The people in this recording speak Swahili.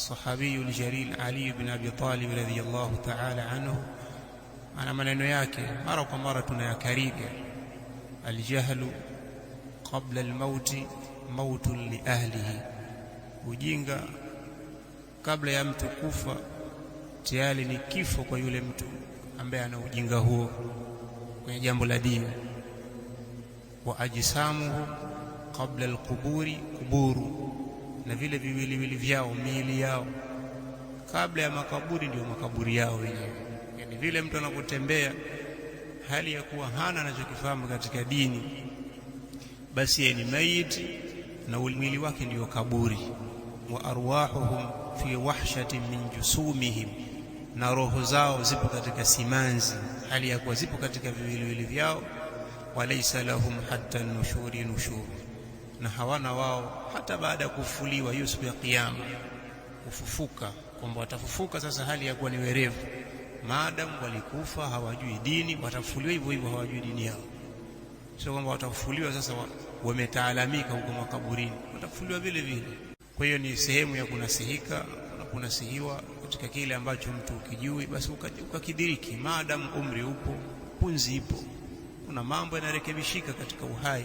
Alsahabiyu ljalil Ali bin Abi Talib radhiyallahu ta'ala anhu, ana maneno yake mara kwa mara tunayakariri: aljahlu qabla almauti mautun liahlihi, ujinga kabla ya mtu kufa tayari ni kifo kwa yule mtu ambaye ana ujinga huo kwenye jambo la dini. Wa ajsamuhu qabla alquburi kuburu na vile viwiliwili vyao, miili yao kabla ya makaburi, ndio makaburi yao wenyewe. Yani vile mtu anapotembea hali ya kuwa hana anachokifahamu katika dini, basi yeye ni maiti na mwili wake ndio kaburi. Wa arwahuhum fi wahshatin min jusumihim, na roho zao zipo katika simanzi, hali ya kuwa zipo katika viwiliwili vyao. Walaisa lahum hatta nushuri nushuru na hawana wao hata baada ya kufufuliwa hiyo siku ya Kiyama, kufufuka kwamba watafufuka sasa hali ya kuwa ni werevu. Maadamu walikufa hawajui dini, watafufuliwa hivyo hivyo, hawajui dini yao. Sio kwamba watafufuliwa sasa wametaalamika huko makaburini, watafufuliwa vile vile. Kwa hiyo ni sehemu ya kunasihika na kunasihiwa katika kile ambacho mtu ukijui, basi ukakidiriki, maadamu umri upo, punzi ipo, kuna mambo yanarekebishika katika uhai.